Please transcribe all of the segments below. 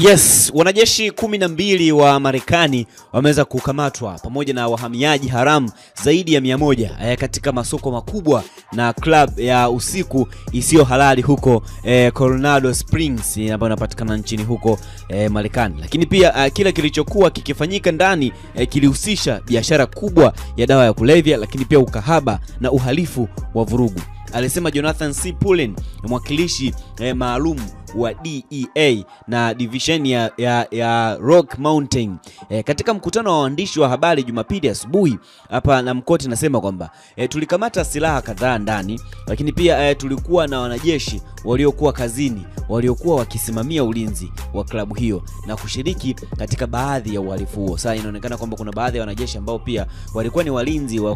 Yes, wanajeshi kumi na mbili wa Marekani wameweza kukamatwa pamoja na wahamiaji haramu zaidi ya mia moja eh, katika masoko makubwa na club ya usiku isiyo halali huko eh, Coronado Springs eh, ambayo inapatikana nchini huko eh, Marekani. Lakini pia eh, kila kilichokuwa kikifanyika ndani eh, kilihusisha biashara kubwa ya dawa ya kulevya, lakini pia ukahaba na uhalifu wa vurugu alisema Jonathan C. Pullen mwakilishi eh, maalum wa DEA na division ya, ya, ya Rock Mountain eh, katika mkutano wa waandishi wa habari Jumapili asubuhi hapa na mkoti nasema kwamba eh, tulikamata silaha kadhaa ndani, lakini pia eh, tulikuwa na wanajeshi waliokuwa kazini waliokuwa wakisimamia ulinzi wa klabu hiyo na kushiriki katika baadhi ya uhalifu huo. Sasa inaonekana kwamba kuna baadhi ya wanajeshi ambao pia walikuwa ni walinzi wa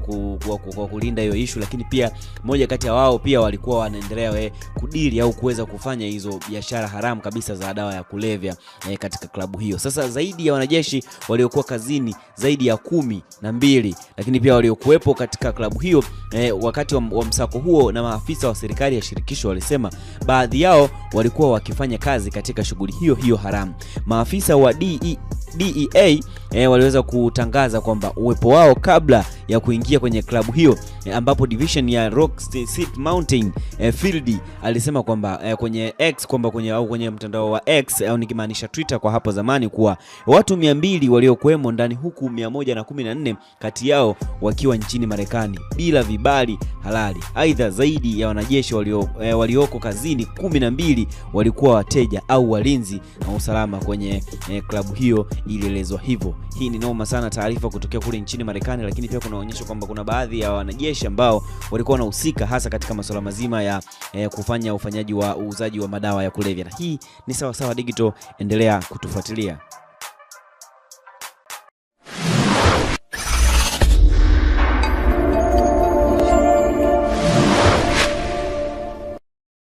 kulinda hiyo ishu, lakini pia moja kati ya wao pia walikuwa wanaendelea we eh, kudili au kuweza kufanya hizo biashara haramu kabisa za dawa ya kulevya eh, katika klabu hiyo. Sasa zaidi ya wanajeshi waliokuwa kazini zaidi ya kumi na mbili, lakini pia waliokuwepo katika klabu hiyo eh, wakati wa, wa msako huo na maafisa wa serikali ya shirikisho walisema baadhi yao walikuwa wakifanya kazi katika shughuli hiyo hiyo haramu. Maafisa wa DE DEA e, eh, waliweza kutangaza kwamba uwepo wao kabla ya kuingia kwenye klabu hiyo e, ambapo division ya Rock City Mountain e, Field alisema kwamba e, kwenye X kwamba kwenye au kwenye mtandao wa X au nikimaanisha Twitter kwa hapo zamani kuwa watu 200 waliokuwemo ndani huku 114 kati yao wakiwa nchini Marekani bila vibali halali. Aidha, zaidi ya wanajeshi walio, e, walioko kazini 12 walikuwa wateja au walinzi na usalama kwenye e, klabu hiyo ilielezwa hivyo. Hii ni noma sana, taarifa kutokea kule nchini Marekani, lakini pia kunaonyesha kwamba kuna baadhi ya wanajeshi ambao walikuwa wanahusika hasa katika masuala mazima ya eh, kufanya ufanyaji wa uuzaji wa madawa ya kulevya, na hii ni Sawasawa Digital. Endelea kutufuatilia.